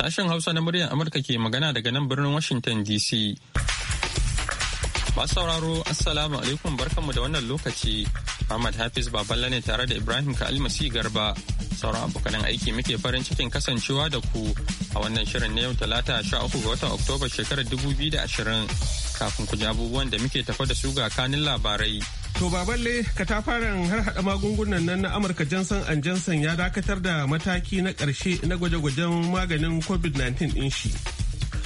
Sashen Hausa na muryar Amurka ke magana daga nan birnin Washington DC. Masu sauraro Assalamu alaikum barkanmu da wannan lokaci. Ahmad Hafiz Baballa ne tare da Ibrahim Kalmasi Garba. Sauran abokanan aiki muke farin cikin kasancewa da ku a wannan shirin na yau talata sha uku ga watan Oktoba shekarar dubu biyu da ashirin kafin ku ji abubuwan da muke tafa da su ga kanin labarai. To baballe katafaren har hada magungunan nan na Amurka Johnson and Johnson ya dakatar da mataki na ƙarshe na gwaje-gwajen maganin COVID-19 din shi.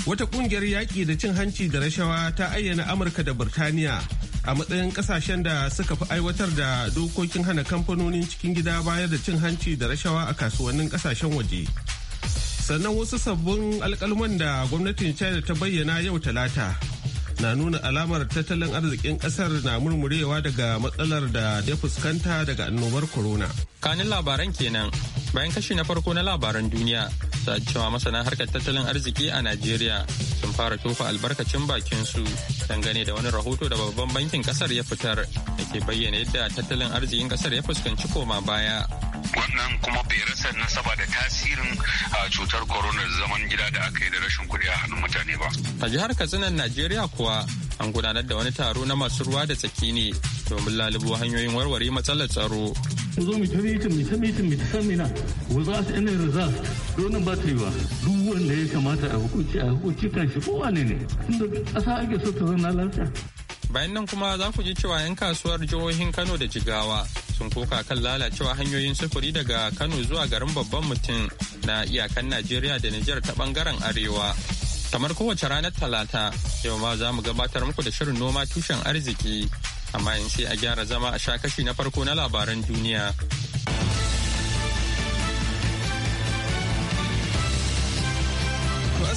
Wata ƙungiyar yaƙi da cin hanci da rashawa ta ayyana Amurka da Birtaniya a matsayin ƙasashen da suka fi aiwatar da dokokin hana kamfanonin cikin gida bayar da cin hanci da rashawa a kasuwannin ƙasashen waje. Sannan wasu sabbin alƙalman da gwamnatin China ta bayyana yau talata na nuna alamar tattalin arzikin kasar na murmurewa daga matsalar da ya fuskanta daga annobar corona. kanin labaran kenan bayan kashi na farko na labaran duniya sa cewa masana harkar tattalin arziki a najeriya sun fara tofa albarkacin bakin su dangane da wani rahoto da babban bankin kasar ya fitar da ke bayyana yadda tattalin arzikin kasar ya fuskanci koma baya wannan kuma bai rasa nasaba da tasirin a cutar corona zaman gida da aka yi da rashin kuɗi a hannun mutane ba a jihar katsinan najeriya kuwa an gudanar da wani taro na masu ruwa da tsaki ne domin lalubo hanyoyin warware matsalar tsaro ku zo mu ta mitin mu ta mitin mu ta samina without any result donin ba ta yi ba duk wanda ya kamata a hukunci a hukunci kan shi kowane ne tunda ƙasa ake so ta zauna lafiya Bayan nan kuma za ku ji cewa 'yan kasuwar jihohin Kano da Jigawa sun koka kan lalacewa hanyoyin sufuri daga Kano zuwa garin babban mutum na iyakan Najeriya da niger ta bangaren Arewa. Kamar kowace ranar Talata, yau ma za mu gabatar muku da shirin noma tushen arziki, amma in sai a gyara zama a sha kashi na farko na labaran duniya.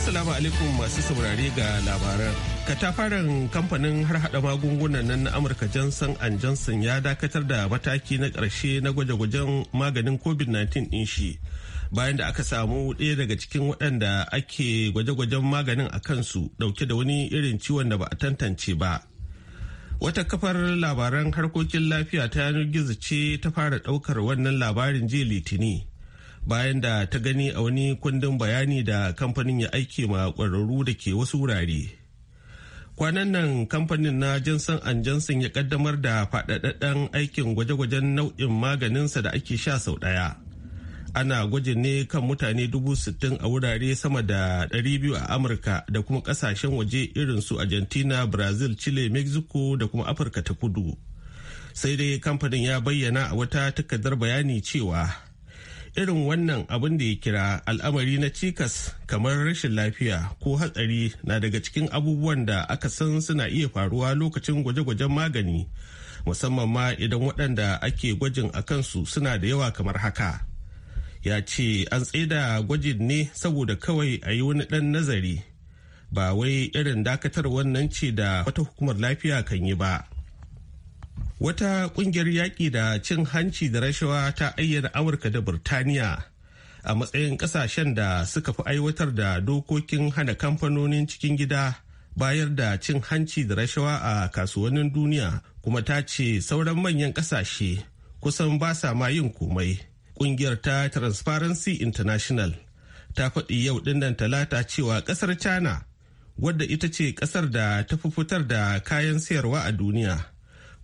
Assalamu alaikum masu saurare ga labaran. Katafaren kamfanin harhaɗa magungunan nan na Amurka Johnson and Johnson ya dakatar da mataki na ƙarshe na gwaje-gwajen maganin COVID-19 ɗin shi. Bayan da aka samu ɗaya daga cikin waɗanda ake gwaje-gwajen maganin a kansu ɗauke da wani irin ciwon da ba a tantance ba. Wata kafar labaran harkokin lafiya ta yanar gizo ce ta fara ɗaukar wannan labarin jiya Litini. bayan da ta gani a wani kundin bayani da kamfanin ya aiki ma kwararru da ke wasu wurare. Kwanan nan kamfanin na jinsan an Johnson ya kaddamar da faɗaɗaɗɗen aikin gwaje-gwajen nau'in maganinsa da ake sha sau ɗaya. Ana gwajin ne kan mutane dubu sittin a wurare sama da ɗari biyu a Amurka da kuma ƙasashen waje irin su Argentina, Brazil, Chile, Mexico da kuma Afirka ta kudu. Sai dai kamfanin ya bayyana a wata takardar bayani cewa irin wannan abin da ya kira al'amari na cikas kamar rashin lafiya ko hatsari na daga cikin abubuwan da aka san suna iya faruwa lokacin gwaje-gwajen magani musamman ma idan waɗanda ake gwajin a kansu suna da yawa kamar haka ya ce an tsaida gwajin ne saboda kawai a yi wani ɗan nazari ba wai irin dakatar wannan ce da wata hukumar lafiya kan yi ba. wata kungiyar yaƙi da cin hanci da rashawa ta ayyana amurka da burtaniya a matsayin ƙasashen da suka fi aiwatar da dokokin hana kamfanonin cikin gida bayar da cin hanci da rashawa a kasuwannin duniya kuma ta ce sauran manyan ƙasashe kusan ba sa ma yin komai kungiyar ta transparency international ta faɗi yau dinnan talata cewa ƙasar china wadda ita ce ƙasar da ta fi fitar da kayan sayarwa a duniya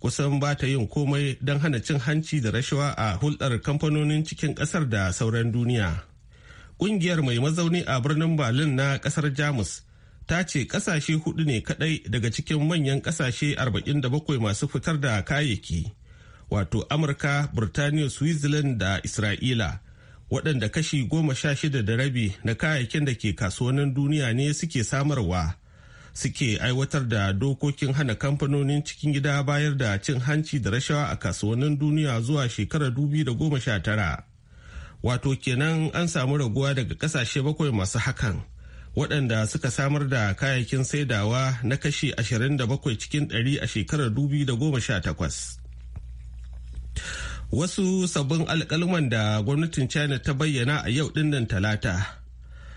kusan ba ta yin komai don hana cin hanci da rashawa a hulɗar kamfanonin cikin ƙasar da sauran duniya. Ƙungiyar mai mazauni a birnin Berlin na ƙasar Jamus ta ce ƙasashe hudu ne kaɗai daga cikin manyan ƙasashe 47 masu fitar da kayayyaki, wato Amurka, Birtaniya, Switzerland da Isra'ila, waɗanda kashi goma sha shida da rabi na kayayyakin da ke kasuwannin duniya ne suke samarwa. suke aiwatar da dokokin hana kamfanonin cikin gida bayar da cin hanci da rashawa a kasuwannin duniya zuwa shekarar tara. wato kenan an samu raguwa daga kasashe bakwai masu hakan waɗanda suka samar da kayayyakin saidawa na kashi 27 cikin 100 a shekarar 2018 wasu sabbin alkaluman da gwamnatin china ta bayyana a yau dinnan talata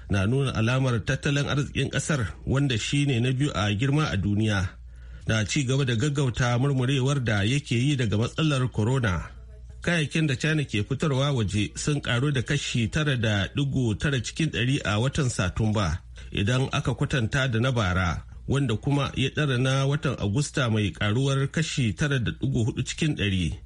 na nuna alamar tattalin arzikin kasar wanda shi ne na biyu a girma a duniya na ci gaba da gaggauta murmurewar da yake yi daga matsalar corona kayayyakin da china ke fitarwa waje sun karu da kashi tara da digo tara cikin dari a watan satumba idan aka kwatanta da na bara wanda kuma ya ɗara na watan agusta mai karuwar kashi tara da digo hudu cikin ɗari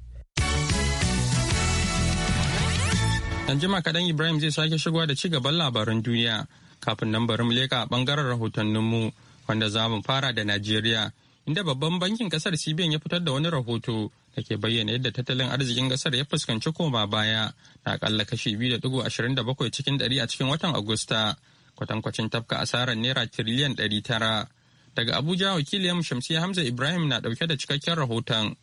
Dan jima kaɗan Ibrahim zai sake shigowa da ci gaban labaran duniya kafin nan bari mu leƙa ɓangaren rahotanninmu wanda za mu fara da Najeriya inda babban bankin ƙasar CBN ya fitar da wani rahoto da ke bayyana yadda tattalin arzikin ƙasar ya fuskanci koma baya na akalla kashi 2.27 cikin 100 a cikin watan Agusta kwatankwacin tafka asarar naira tiriliyan 900 daga Abuja wakiliyar Shamsiyya Hamza Ibrahim na ɗauke da cikakken rahoton.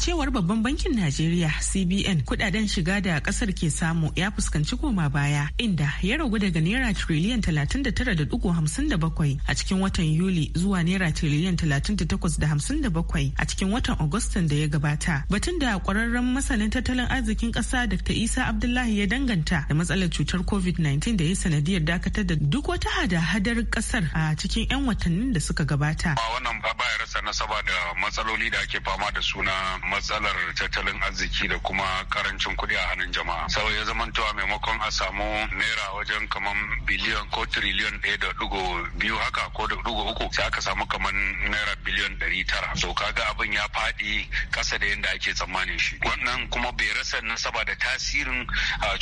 cewar babban bankin najeriya cbn kudaden shiga da kasar ke samu ya fuskanci koma baya inda ya ragu daga naira triliyan 39.57 a cikin watan yuli zuwa naira triliyan 38.57 a cikin watan agustan da ya gabata batun da kwararren masanin tattalin arzikin kasa dr isa abdullahi ya danganta da matsalar cutar covid-19 da ya sanadiyar dakatar da duk wata hada-hadar kasar a cikin 'yan watannin da suka gabata. wannan ba ya rasa nasaba da matsaloli da ake fama da suna matsalar tattalin arziki da kuma karancin kuɗi a hannun jama'a sau ya tuwa maimakon a samu naira wajen kamar biliyan ko triliyan ɗaya da ɗigo biyu haka ko da ɗigo uku sai aka samu kamar naira biliyan ɗari tara so ga abin ya faɗi ƙasa da yadda ake tsammanin shi wannan kuma bai rasa nasaba da tasirin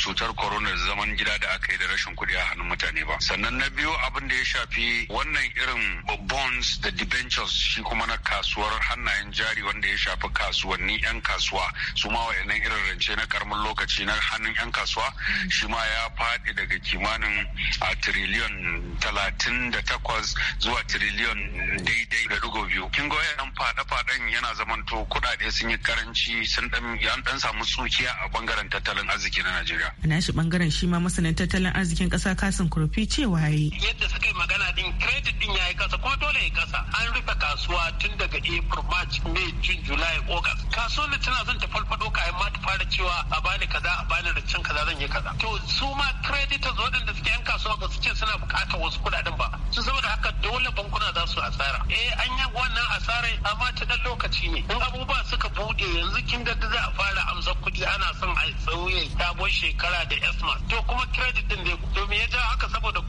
cutar corona da zaman gida da aka yi da rashin kuɗi a hannun mutane ba sannan na biyu abin da ya shafi wannan irin bonds da debentures shi kuma na kasuwar hannayen jari wanda ya shafi kasuwar shugabanni 'yan kasuwa su ma wayannan irin rance na karamin lokaci na hannun 'yan kasuwa shi ma ya faɗi daga kimanin a tiriliyon talatin da takwas zuwa tiriliyon daidai da dugo biyu kin ga wayannan faɗe yana zamanto kuɗaɗe sun yi karanci sun ɗan ɗan samu tsukiya a bangaren tattalin arziki na Najeriya. A nashi bangaren shi ma masanin tattalin arzikin ƙasa kasan Kurfi cewa yayi. Yadda suka yi magana din credit din yayi kasa ko dole ya kasa an rufe kasuwa tun daga April March May June July August kasuwar tana zan ta farfado kayan ma ta fara cewa a bani kaza a bani cin kaza zan yi kaza to su ma creditors waɗanda suke yan kasuwa ba su ce suna buƙatar wasu kuɗaɗen ba su saboda haka dole bankuna za su asara eh an yi wannan asarar amma ta ɗan lokaci ne in abubuwa suka buɗe yanzu kin ga za a fara amsa kuɗi ana son a sauye sabon shekara da esma to kuma credit din ne domin ya ja haka saboda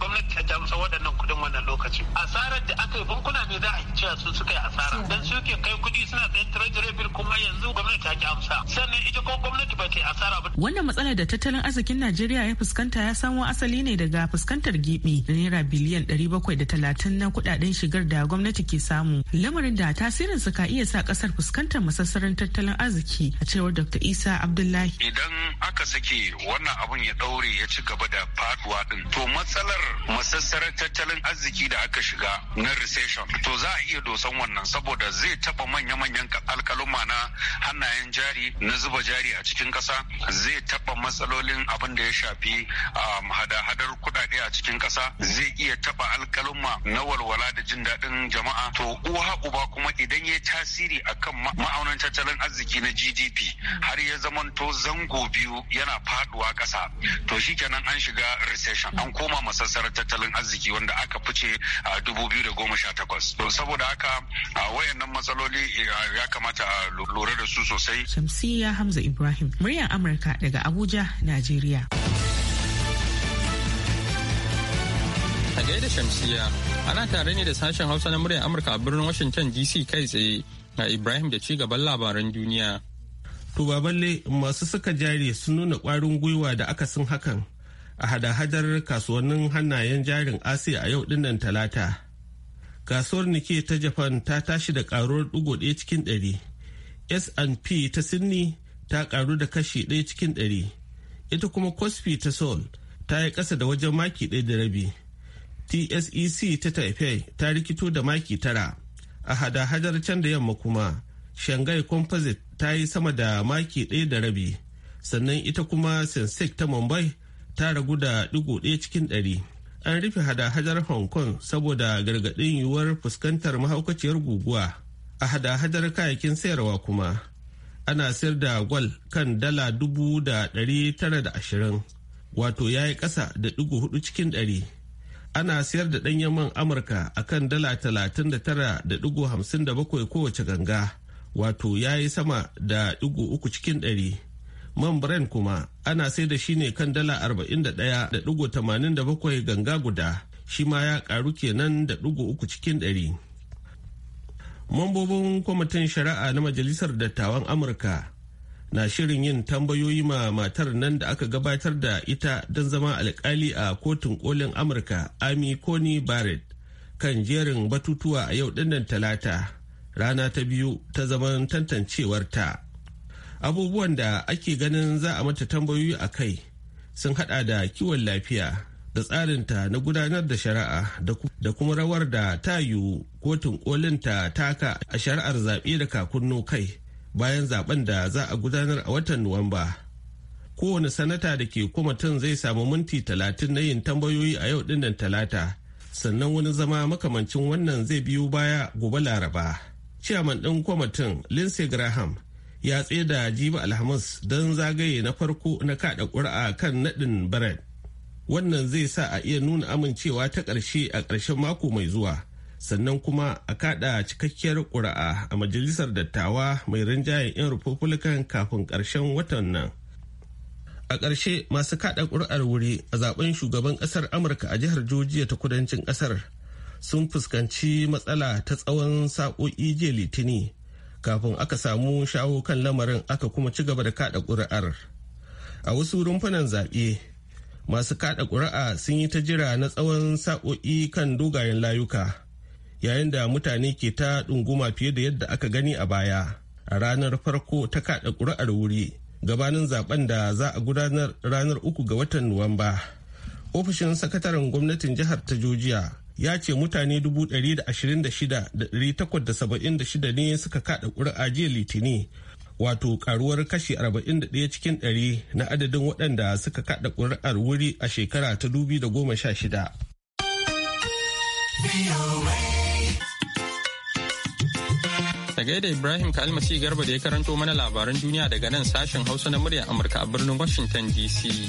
damsa waɗannan kuɗin wannan lokacin asarar da aka yi bankuna ne za a yi su suka yi asara dan su ke kai kuɗi suna sayan treasury bill kuma yanzu gwamnati ta ki amsa sannan ita ko gwamnati ba ta asara ba wannan matsalar da tattalin arzikin Najeriya ya fuskanta ya samo asali ne daga fuskantar gibi da naira biliyan bakwai da talatin na kuɗaɗen shigar da gwamnati ke samu lamarin da tasirinsa ka iya sa kasar fuskantar masassarin tattalin arziki a cewar Dr. Isa Abdullahi idan aka sake wannan abun ya ɗaure ya ci gaba da faduwa din to matsalar masassarin matattarar tattalin arziki da aka shiga na recession to za a iya dosan wannan saboda zai taba manya-manyan alkaluma na hannayen jari na zuba jari a cikin kasa zai taba matsalolin abin da ya shafi um, hada-hadar kudade a cikin kasa zai iya taba alkaluma na walwala da jin daɗin jama'a to uwa uba kuma idan ya tasiri akan ma'aunin tattalin arziki na gdp har ya zamanto zango biyu yana faduwa kasa to shikenan an shiga recession an koma masassarar tattalin tattalin arziki wanda aka fice a da 2018 to saboda haka a wayannan matsaloli ya kamata a lura da su sosai shamsiya hamza ibrahim muryar amurka daga abuja nigeria. a gaida shamsiya ana tare ne da sashen hausa na muryar amurka a birnin washington dc kai tsaye ga ibrahim da ci gaban labaran duniya to balle masu suka jari sun nuna kwarin gwiwa da aka akasin hakan a hada-hadar kasuwannin hannayen jarin asiya a yau dinnan talata kasuwar nike ta japan ta tashi da karuwar ɗigo ɗaya cikin ɗari S&P ta Sydney ta karu da kashi ɗaya cikin ɗari. Ita kuma Kospi ta Seoul ta yi ƙasa da wajen maki ɗaya da rabi. TSEC ta Taipei ta rikito da maki tara. A hada-hadar can da yamma kuma, Shanghai Composite ta yi sama da maki ɗaya da rabi. Sannan ita kuma Sensex ta Mumbai ta ragu da digo ɗaya cikin ɗari an rufe hada-hadar hong kong saboda gargaɗin yiwuwar fuskantar mahaukaciyar guguwa a hada-hadar kayakin sayarwa kuma ana sayar da gwal kan dala dubu da ɗari tara da ashirin wato ya yi ƙasa da digo hudu cikin ɗari ana sayar da ɗanyen man amurka a kan dala talatin da tara da digo hamsin da bakwai kowace ganga wato ya yi sama da digo uku cikin ɗari man brand kuma ana sai da shi ne kan dala 41.87 ganga guda shi ma ya karu kenan da dugu uku cikin ɗari. Mambobin kwamitin shari'a na Majalisar Dattawan Amurka na shirin yin tambayoyi ma matar nan da aka gabatar da ita don zama alkali a kotun kolin Amurka Amy Coney Barrett kan jerin batutuwa a yau dinnan talata rana ta biyu ta zaman tantancewarta. abubuwan da ake ganin za a mata tambayoyi a kai sun hada da kiwon lafiya da tsarinta na gudanar da shari'a da kuma rawar da ta yi kotun kolin ta taka a shari'ar zaɓe da kakunno kai bayan zaben da za a gudanar a watan nuwamba kowane sanata da ke kwamitin zai samu minti talatin na yin tambayoyi a yau dinnan talata sannan wani zama makamancin wannan zai biyo baya gobe laraba ciyaman ɗin kwamitin lindsey graham ya da jiba alhamis don zagaye na farko na kada ƙuri'a kan naɗin barad wannan zai sa a iya nuna amincewa ta ƙarshe a ƙarshen mako mai zuwa sannan kuma a kada cikakkiyar ƙuri'a a majalisar dattawa mai rinjayen 'yan republican kafin ƙarshen watan nan a ƙarshe masu kada ƙuri'ar wuri a zaben shugaban ƙasar amurka a jihar Jojiya ta kudancin ƙasar sun fuskanci matsala ta tsawon sa'o'i jiya litini kafin aka samu shawo kan lamarin aka kuma ci gaba da kada ƙuri'ar a wasu rumfunan zaɓe masu kada ƙuri'a sun yi ta jira na tsawon sa'o'i kan dogayen layuka yayin da mutane ke ta ɗunguma fiye da yadda aka gani a baya a ranar farko ta kada ƙuri'ar wuri gabanin zaben da za a gudanar ranar uku ga watan nuwamba ofishin sakataren gwamnatin jihar ta jojiya ya ce mutane 126,876 ne suka kada ƙuri'a jiya litini wato karuwar kashi 41 cikin 100 na adadin waɗanda suka kada ƙuri'ar wuri a shekara ta 2016. Daga da Ibrahim Kalmasi Garba da ya karanto mana labaran duniya daga nan sashen Hausa na muryar Amurka a birnin Washington DC.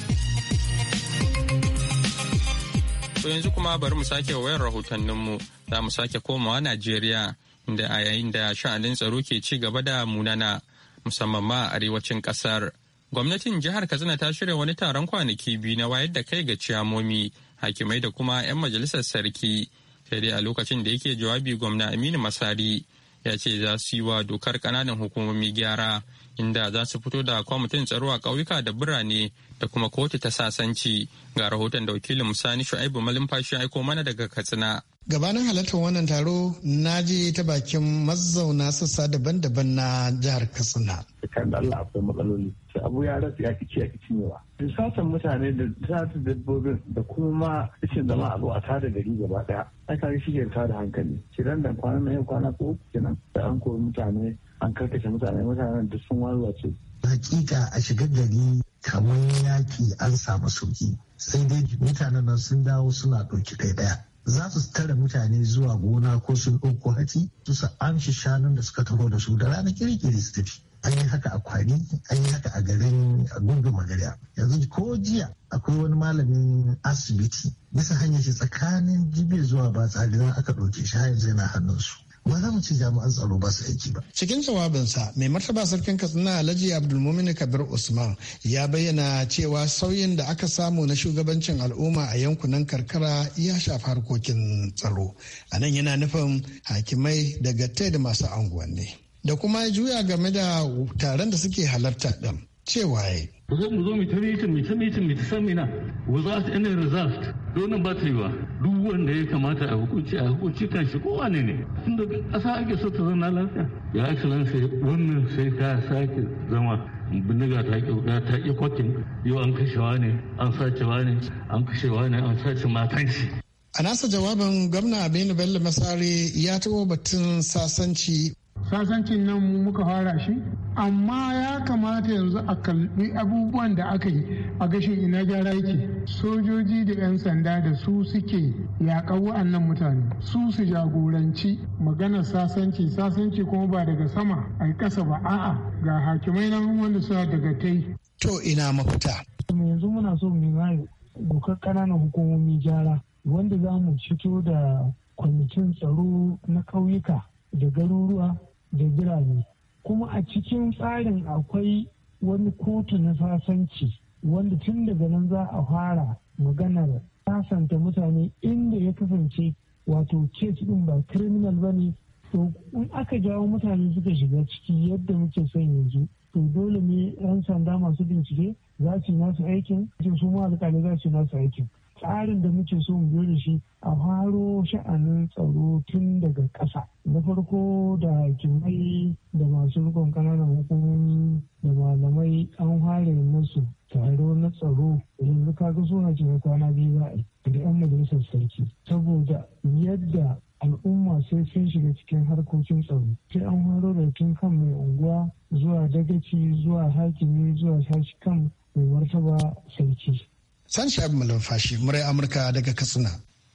To yanzu kuma bari mu sake wayar rahotanninmu za mu sake komawa Najeriya inda a yayin da sha'anin tsaro ke ci gaba da munana musamman ma a arewacin kasar. Gwamnatin jihar Katsina ta shirya wani taron kwanaki biyu na wayar da kai ga ciyamomi, hakimai da kuma 'yan majalisar sarki. Sai dai a lokacin da yake jawabi gwamna Aminu Masari ya ce za su yi wa dokar ƙananan hukumomi gyara inda za su fito da kwamitin tsaro a ƙauyuka da birane da kuma kotu ta sasanci ga rahoton da wakilin musani shu'aibu malumfashi aiko mana daga katsina gabanin halartar wannan taro na je ta bakin mazauna sassa daban-daban na jihar katsina akwai matsaloli su abu ya rasu ya kici ya kici ba lissafin mutane da satan dabbobin da kuma rashin zama a zo a tada gari gaba daya ai kaga shi ke tada hankali kiran da kwana na yau kwana ko kenan da an kori mutane an karkace mutane mutanen da sun warwace hakika a shiga gari kamar yaki an samu sauki sai dai mutanen nan sun dawo suna ɗauki kai ɗaya za su tare mutane zuwa gona ko sun ɗauko hati su amshi shanun da suka taho da su da rana kirkiri su tafi an yi haka a kwari an yi haka a garin gungun magarya yanzu ko jiya akwai wani malamin asibiti bisa hanyar shi tsakanin jibe zuwa ba tsari aka ɗauke shi yanzu yana hannunsu ba za mu ci jami'an tsaro ba su aiki ba. Cikin jawabinsa mai martaba sarkin Katsina Alhaji Abdulmumin Kabir Usman ya bayyana cewa sauyin da aka samu na shugabancin al'umma a yankunan karkara ya shafi harkokin tsaro. A nan yana nufin hakimai daga da masu anguwanni. da kuma ya juya game da taron da suke halarta ɗin cewa ya zo mu zo mu ta mitin mu ta mitin mu ta samina without any result donin ba ta yi ba duk wanda ya kamata a hukunci a hukunci kan shi kowa ne ne tunda ƙasa ake so ta zauna lafiya ya excellence wannan sai ka sake zama bindiga ta kyauta ta ƙi kwakin yau an kashewa ne an sacewa ne an kashewa ne an sace matan shi. A nasa jawabin gwamna Aminu Bello Masari ya taɓo batun sasanci sasancin nan mu muka fara shi amma ya kamata yanzu a kalbi abubuwan da aka yi a gashin ina gyara yake sojoji da 'yan sanda da su suke yaƙa wa'annan mutane su su jagoranci maganar sasanci sasanci kuma ba daga sama a ƙasa ba a'a ga hakimai nan wanda suna daga tai to ina mafita yanzu muna so mu yi dokar ƙananan hukumomi gyara wanda za mu fito da kwamitin tsaro na ƙauyuka da garuruwa da birane kuma a cikin tsarin akwai wani kotu na sasanci wanda tun daga nan za a fara maganar sasanta mutane inda ya kasance wato kes ɗin ba criminal ba ne to in aka jawo mutane suka shiga ciki yadda muke son yanzu to dole ne 'yan sanda masu bincike za su yi nasu aikin su ma alƙali za su yi nasu aikin tsarin da muke so mu biyo da shi a haro sha'anin tsaro tun daga ƙasa na farko da hakimai da masu rikon ƙananan hukumomi da malamai an fara musu tsaro na tsaro yanzu ka ga suna cikin kwana biyu za a yi da 'yan majalisar sarki saboda yadda al'umma sai sun shiga cikin harkokin tsaro sai an haro da tun kan mai unguwa zuwa dagaci zuwa hakimi zuwa sashi kan mai martaba sarki Sani Sha'ibu Malumfashi, murai Amurka daga Katsina.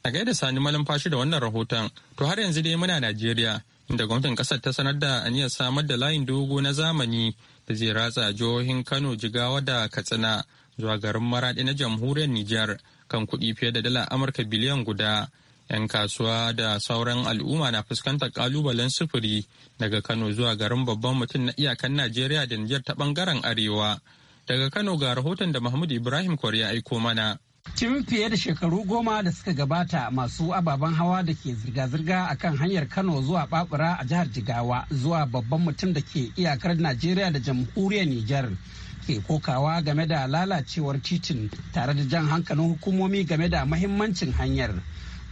A gaida Sani Malumfashi da wannan rahoton, to har yanzu dai muna Najeriya, inda gwamnatin kasar ta sanar da aniyar samar da layin dogo na zamani da zai ratsa jihohin Kano, Jigawa da Katsina zuwa garin Maraɗi na jamhuriyar Nijar kan kuɗi fiye da dala Amurka biliyan guda. 'Yan kasuwa da sauran al'umma na fuskantar kalubalen sufuri daga Kano zuwa garin babban mutum na iyakan Najeriya da Nijar ta bangaren Arewa. Daga Kano ga rahoton da Mahmud Ibrahim Kwari ya aiko mana. Tun fiye da shekaru goma da suka gabata masu ababen hawa da ke zirga-zirga a kan hanyar Kano zuwa Babura a jihar Jigawa zuwa babban mutum da ke iyakar Najeriya da jamhuriyar Nijar ke kokawa game da lalacewar titin tare da jan hankalin hukumomi game da mahimmancin hanyar.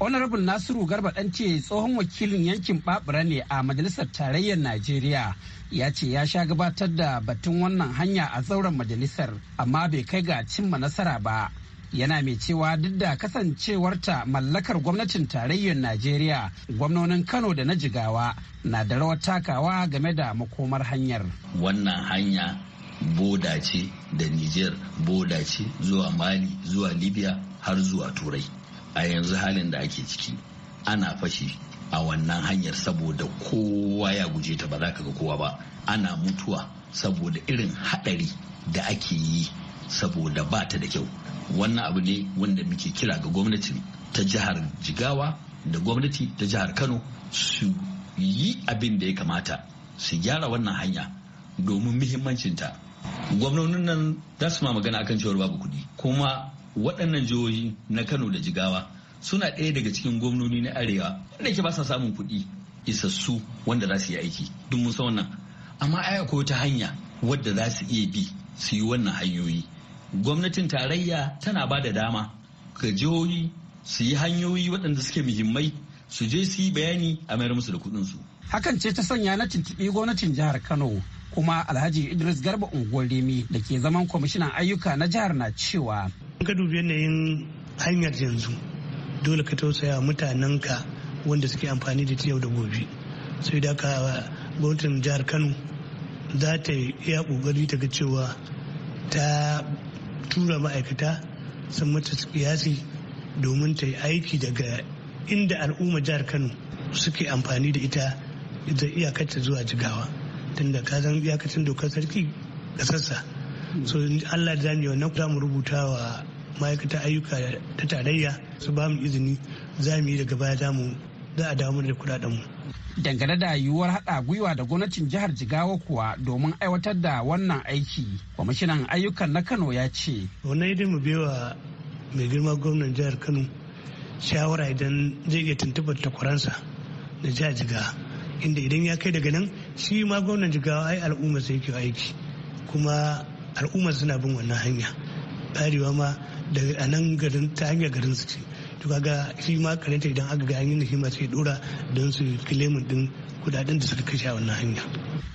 Honorable Nasiru Garba ɗan ce tsohon wakilin yankin Babura ne a Majalisar Tarayyar Najeriya ya ce ya sha gabatar da batun wannan hanya a zauren majalisar amma bai kai ga cimma nasara ba yana mai cewa duk da kasancewarta mallakar gwamnatin tarayyar najeriya gwamnonin kano da na jigawa na da rawar takawa game da makomar hanyar wannan hanya boda ce da niger boda ce zuwa mali zuwa libya har zuwa turai a yanzu halin da ake ciki ana fashi a wannan hanyar saboda kowa ya guje ta ba za ka ga kowa ba ana mutuwa saboda irin hadari da ake yi saboda ba ta da kyau wannan abu ne wanda muke kira ga gwamnati ta jihar jigawa da gwamnati ta jihar kano su yi abin da ya kamata su gyara wannan hanya domin muhimmancinta gwamnonin nan za su ma magana akan cewar babu kuɗi kuma waɗannan jihohi na kano da jigawa suna ɗaya daga cikin gwamnoni na arewa wanda ke ba sa samun kuɗi isassu wanda za su yi aiki duk mun san wannan amma ai akwai wata hanya wadda za su iya bi su yi wannan hanyoyi gwamnatin tarayya tana ba da dama ga jihohi su yi hanyoyi waɗanda suke muhimmai su je su yi bayani a mayar musu da kuɗin su. hakan ce ta sanya na tuntuɓi gwamnatin jihar kano kuma alhaji idris garba unguwar remi da ke zaman kwamishinan ayyuka na jihar na cewa in ka dubi yanayin hanyar yanzu dole ka tausaya mutanenka wanda suke amfani da yau da gobe sai da ka uh, gwamnatin jihar kano za ta iya kokari ta ga cewa ta tura ma'aikata sun mata kiyasi domin ta yi aiki daga inda al'umma jihar kano suke amfani da ita da iyakacin zuwa jigawa tunda ka san iyakacin dokar sarki da sassa so allah da zamu wannan za mu rubuta wa ma'aikatan ayyuka ta tarayya su ba mu izini za mu yi daga baya za mu za a damu da kudadenmu. Dangane da yiwuwar haɗa gwiwa da gwamnatin jihar Jigawa kuwa domin aiwatar da wannan aiki, kwamishinan ayyukan na Kano ya ce. Wannan idan mu bewa mai girma gwamnan jihar Kano shawara idan zai iya tuntuɓar takwaransa da jihar Jigawa. Inda idan ya kai daga nan shi ma gwamnan Jigawa ai al'umma sai yake aiki kuma al'umma suna bin wannan hanya. arewa ma da a nan garin ta hanyar garin su ce to kaga shi ma karanta idan aka ga hanyar shi ma sai dora don su kilemin din kudaden da suka kashe a wannan hanya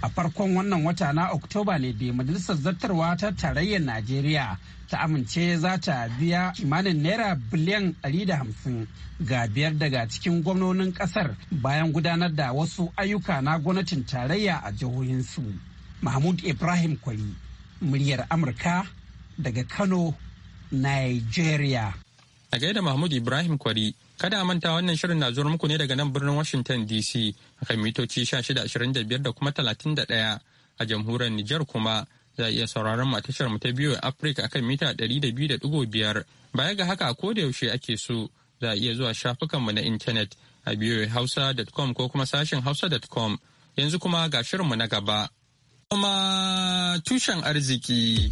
a farkon wannan wata na oktoba ne da majalisar zartarwa ta tarayyar najeriya ta amince za ta biya kimanin naira biliyan 150 ga biyar daga cikin gwamnonin kasar bayan gudanar da wasu ayyuka na gwamnatin tarayya a jihohinsu mahmud ibrahim kwari muryar amurka daga kano Nigeria. A gaida Mahmud Ibrahim Kwari, kada a manta wannan shirin na zuwa muku ne daga nan birnin Washington DC a kan mitoci 1625 da kuma 31 a jamhuriyar Nijar kuma za a iya sauraron tashar mu ta biyu Afirka akan mita 200.5 baya ga haka a yaushe ake so za a iya zuwa shafukanmu na intanet a hausa.com ko kuma sashen hausa.com yanzu kuma ga shirinmu na gaba. Kuma tushen arziki.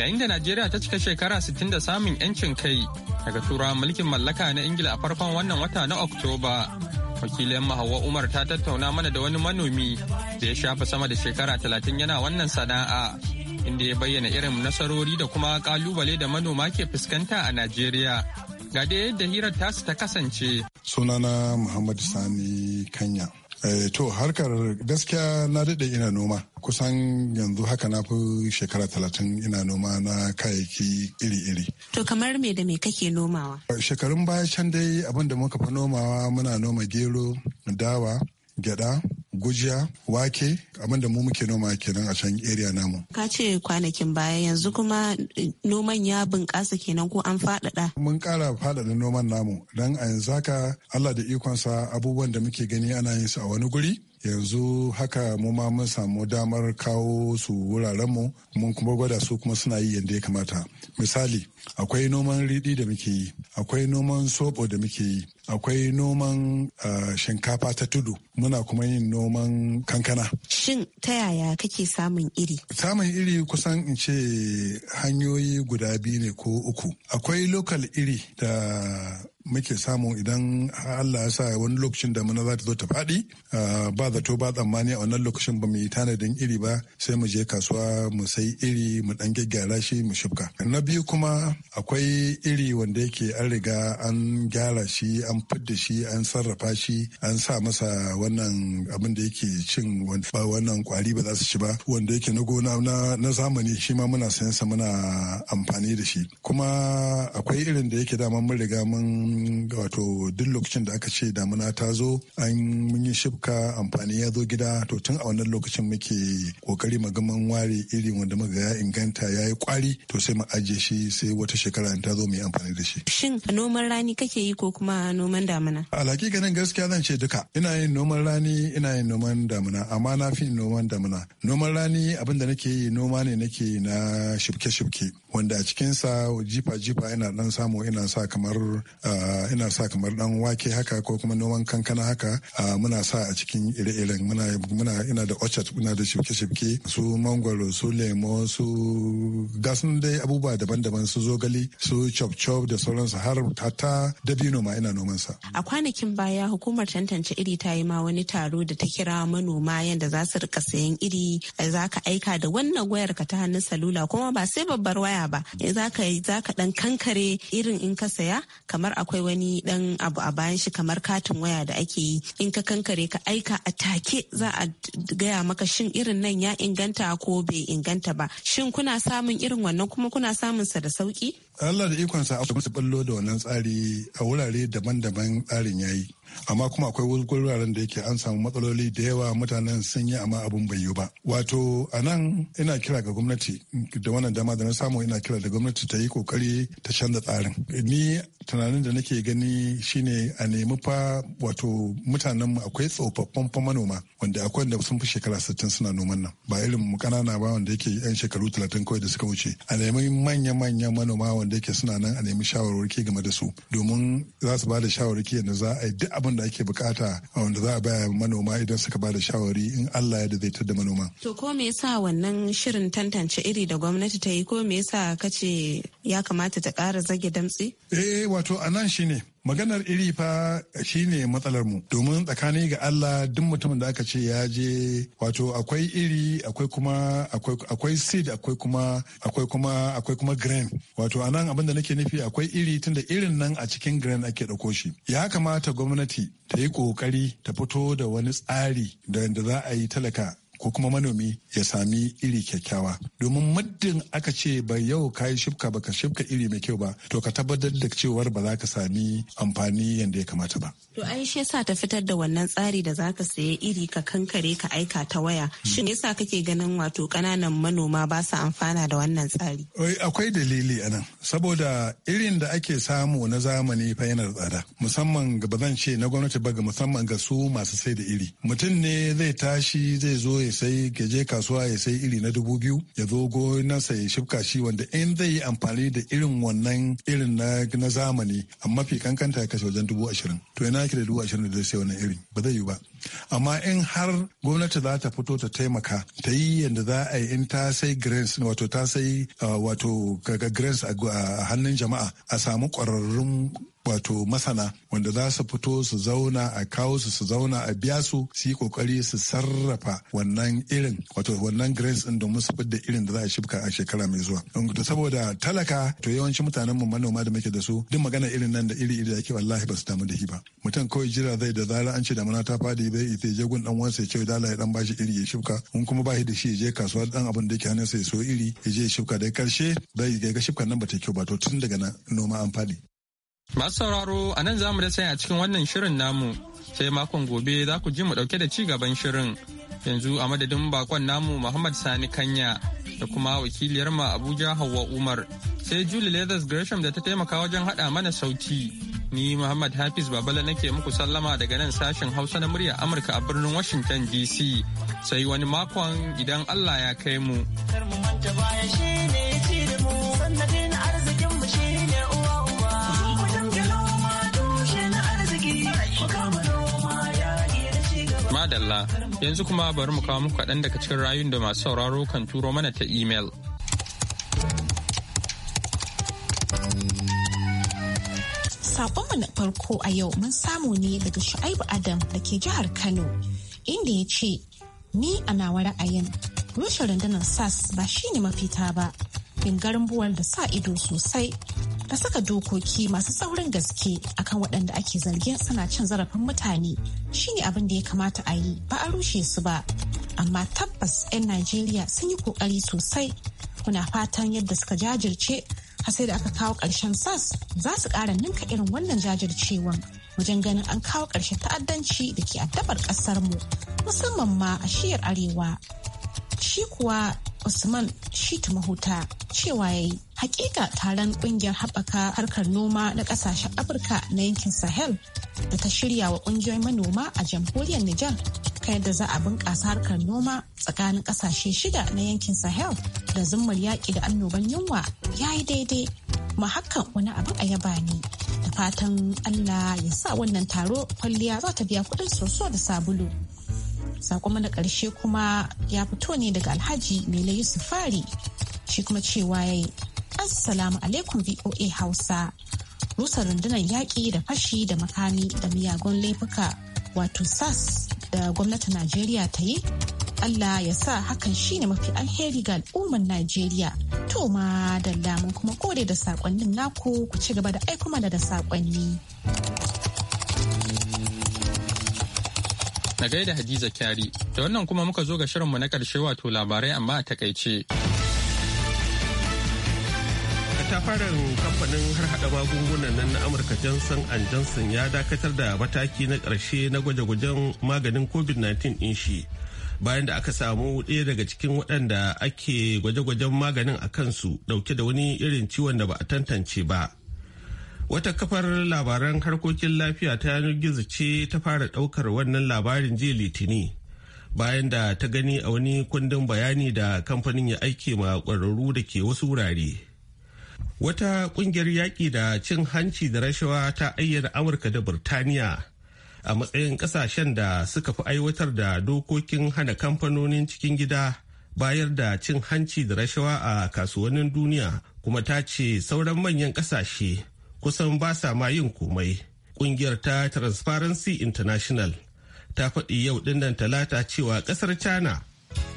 yayin da najeriya ta cika shekara 60 da samun 'yancin kai daga turawan mulkin mallaka na ingila a farkon wannan wata na oktoba wakilin mahawa umar ta tattauna mana da wani manomi da ya shafa sama da shekara 30 yana wannan sana'a inda ya bayyana irin nasarori da kuma kalubale da manoma ke fuskanta a najeriya ga da yadda hirar tasu ta kasance sunana Muhammadu sani kanya Eh, to harkar gaskiya na daɗe ina noma kusan yanzu haka na fi shekara talatin ina noma na kayayyaki iri-iri. To kamar me da me kake nomawa? Shekarun baya can dai abinda muka fi nomawa muna noma gero, dawa, gyada gujiya wake abin da mu muke noma kenan a can area namu ka ce kwanakin baya yanzu kuma eh, noman ya bunƙasa kenan ko an faɗaɗa mun ƙara faɗaɗa noman namu don a yanzu haka allah da ikonsa abubuwan da muke gani ana yin su a wani guri yanzu haka mu ma mun samu damar kawo su wurarenmu mun kuma gwada su kuma suna yi yadda ya kamata misali akwai noman riɗi da muke yi akwai noman soɓo da muke yi akwai noman ah, shinkafa ta tudu muna kuma yin noman kankana shin ta yaya kake samun iri samun iri kusan in ce hanyoyi guda biyu ne ko uku akwai lokal iri da muke samu idan Allah ya sa wani lokacin muna za ta zo ta faɗi ba zato ba tsammani a wannan lokacin ba mu yi tanadin iri ba sai mu je kasuwa mu sai iri mu dan gyara shi mu shifka. Na biyu kuma akwai iri wanda yake an riga an gyara shi an fidda shi an sarrafa shi an sa masa wannan abin da yake cin Ba wannan kwari ba za su ci ba wanda yake na gona na zamani shi ma muna sayan sa muna amfani da shi kuma akwai irin da yake dama mun riga mun wato duk lokacin da aka ce damuna ta zo an yi shifka amfani ya zo gida to tun a wannan lokacin muke kokari magaman ware iri wanda muka ya inganta ya yi kwari to sai mu ajiye shi sai wata shekara in ta zo mu yi amfani da shi. Shin noman rani kake yi ko kuma noman damuna? alaƙi ganin gaskiya zan ce duka ina yin noman rani ina yin noman damuna amma na fi noman damuna. Noman rani abin da nake yi noma ne nake na shifke-shifke wanda a cikinsa jifa-jifa ina dan samu ina sa kamar ah, ina sa kamar dan wake haka ko kuma noman kankana haka ah, muna sa a cikin ire-iren muna muna ina da orchard muna da shibke-shibke su mangwaro su lemo su gasun dai abubuwa daban-daban su zogali su chop-chop da sauransu har ta dabino ma ina noman sa. A kwanakin baya hukumar tantance iri ta yi ma wani taro da ta kira manoma yadda za su rika sayan iri za ka aika da wannan wayar ka ta hannun salula kuma ba sai babbar waya ba eh, za ka dan kankare irin in ka saya kamar akwai wani dan abu a bayan shi kamar katin waya da ake yi in ka kankare ka aika a take za a gaya maka shin irin nan ya inganta ko bai inganta ba shin kuna samun irin wannan kuma kuna samun sa da sauki Allah da ikonsa a su ballo da wannan tsari a wurare daban-daban tsarin yayi amma kuma akwai wuraren da yake an samu matsaloli da yawa mutanen sun yi amma abun bai yi ba wato a nan ina kira ga gwamnati da wannan dama da na samu ina kira da gwamnati ta yi kokari ta canza tsarin ni tunanin da nake gani shine a nemi fa wato mutanen mu akwai tsofaffin fa manoma wanda akwai wanda sun fi shekara sittin suna noman nan ba irin mu kanana ba wanda yake yan shekaru talatin kawai da suka wuce a nemi manya-manyan manoma wanda yake suna nan a nemi shawarwari game da su domin za su ba da shawarwari yadda za a yi duk abin da ake bukata a wanda za a baya manoma idan suka ba da shawari in Allah ya da zai da manoma. To ko me yasa wannan shirin tantance iri da gwamnati ta yi ko me yasa kace ya kamata ta ƙara zage damtsi Eh wato anan shine maganar iri fa shine matsalar mu domin tsakani ga Allah duk mutumin da aka ce ya je wato akwai iri akwai kuma akwai seed akwai kuma akwai kuma akwai kuma grain wato anan abinda nake nufi akwai iri tunda irin nan a cikin grain ake dauko shi ya kamata gwamnati ta yi kokari ta fito da wani tsari da za a yi talaka ko kuma manomi ya sami iri kyakkyawa domin muddin aka ce ba yau ka yi shifka ba ka shifka iri mai kyau ba to ka tabbatar da cewar ba za ka sami amfani yadda ya kamata ba. To ai shi yasa ta fitar da wannan tsari da za ka saye iri ka kankare ka aika ta waya hmm. shin yasa kake ganin wato kananan manoma ba su amfana da wannan tsari. Akwai dalili a nan saboda irin da ake samu na zamani fa yana tsada musamman ga ba zan ce na gwamnati ba ga musamman ga su masu sai da iri mutum ne zai tashi zai zo ya sai ya je kasuwa ya sai iri na dubu biyu ya zo gonarsa ya shifka shi wanda in zai yi amfani da irin wannan irin na zamani amma mafi kankanta ya kashe wajen dubu ashirin to ina yake da dubu ashirin da zai sai wannan irin ba zai yi ba amma in har gwamnati za ta fito ta taimaka ta yi yadda za a yi in ta sai grains wato ta sai uh, wato grains a hannun jama'a a samu kwararrun wato masana wanda za su fito su zauna a kawo su su zauna a biya su su yi kokari su sarrafa wannan irin wato wannan grains din domin su fidda irin da za a shifka a shekara mai zuwa to saboda talaka to yawanci mutanen mu manoma da muke da su duk magana irin nan da iri iri da ake wallahi ba su damu da shi ba mutum kawai jira zai da zara an ce damuna ta fadi zai ita je gun dan wansa ya ce dala ya dan bashi iri ya shifka in kuma ba shi da shi ya je kasuwa dan abin da yake sa ya so iri ya je ya shifka da karshe zai ga shifkan nan ba ta kyau ba to tun daga noma an fadi Masu sauraro a nan za mu da sai a cikin wannan shirin namu sai makon gobe za ku ji mu ɗauke da ci gaban shirin. Yanzu a madadin bakon namu Muhammad Sani Kanya da kuma wakiliyar ma Abuja Hauwa Umar sai Julie Leathers Gresham da ta taimaka wajen haɗa mana sauti. Ni Muhammad Hafiz Babala nake muku sallama daga nan sashen Hausa na murya Amurka a birnin Washington DC. Sai wani makon idan Allah ya kai mu. Kar mu manta baya shi madalla yanzu kuma bari mu kawo muku kaɗan daga cikin rayun da masu sauraro kan turo mana ta imel. mu na farko a yau mun samu ne daga Shu'aibu Adam da ke jihar Kano inda ya ce ni a nawa ra'ayin rushe rundunar SAS ba shi ne mafita ba. in garin buwar da sa ido sosai ta saka dokoki masu saurin gaske akan waɗanda ake zargin suna cin zarafin mutane shine abin da ya kamata a yi ba a rushe su ba amma tabbas 'yan najeriya sun yi kokari sosai kuna fatan yadda suka jajirce har sai da aka kawo ƙarshen sas za su ƙara ninka irin wannan jajircewan wajen ganin an kawo ƙarshen ta'addanci da ke addabar mu musamman ma a shiyar arewa shi kuwa Usman Shitu Mahuta cewa ya yi hakika taron kungiyar haɓaka harkar noma na ƙasashen Afirka na yankin Sahel da ta shirya wa ƙungiyoyin manoma a jamhuriyar Nijar ta yadda za a bunƙasa harkar noma tsakanin ƙasashe shida na yankin Sahel da zummar yaƙi da annoban yunwa ya yi daidai ma hakan wani abin a yaba ne da fatan Allah ya sa wannan taro kwalliya za ta biya kuɗin soso da sabulu. sakonmu na ƙarshe kuma ya fito ne daga alhaji mele Sufari? shi kuma cewa ya yi assalamu alaikum voa hausa rusa rundunar yaƙi da fashi da makami da miyagun laifuka wato sas da gwamnatin najeriya ta yi allah ya sa hakan shine mafi alheri ga al'ummar najeriya to ma da lamun kuma kore da sakonnin naku ku ci gaba da aikuma da sakonni na gaida Hadiza Kyari, da wannan kuma muka zo ga shirinmu na ƙarshe wato labarai amma a takaice. katafaren kamfanin harhaɗa magungunan nan na amurka johnson and johnson ya dakatar da mataki na ƙarshe na gwaje-gwajen maganin covid-19 ɗin shi bayan da aka samu ɗaya daga cikin waɗanda ake gwaje-gwajen maganin a kansu ɗauke da wani irin ciwon da ba a tantance ba Wata kafar labaran harkokin lafiya ta yanar gizo ce ta fara ɗaukar wannan labarin jiya litini bayan da ta gani a wani kundin bayani da kamfanin ya aike ma ƙwararru da ke wasu wurare. Wata ƙungiyar yaƙi da cin hanci da rashawa ta ayyana Amurka da Burtaniya a matsayin ƙasashen da suka fi aiwatar da dokokin hana kamfanonin cikin gida bayar da cin hanci da rashawa a kasuwannin duniya kuma ta ce sauran manyan ƙasashe. kusan ba sa ma yin komai kungiyar ta transparency international ta faɗi yau ɗinnan talata cewa ƙasar china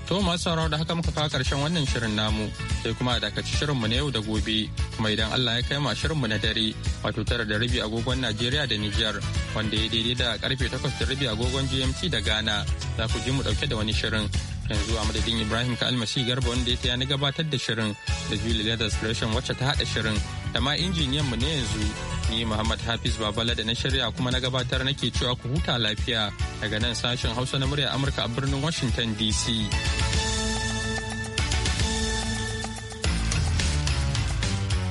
To masu sauraro da haka muka fara karshen wannan shirin namu sai kuma a dakaci shirinmu na yau da gobe kuma idan Allah ya kai ma shirinmu na dare wato tara da rabi agogon Najeriya da Nijar wanda ya daidai da karfe takwas da rabi agogon GMT da Ghana za ku ji mu ɗauke da wani shirin yanzu a madadin ibrahim ka almasi garba wanda ya taya na gabatar da shirin da julie leathers creation wacce ta haɗa shirin da ma injiniyanmu ne yanzu ni muhammad hafiz babala da na shirya kuma na gabatar nake cewa ku huta lafiya daga nan sashen hausa na murya amurka a birnin washington dc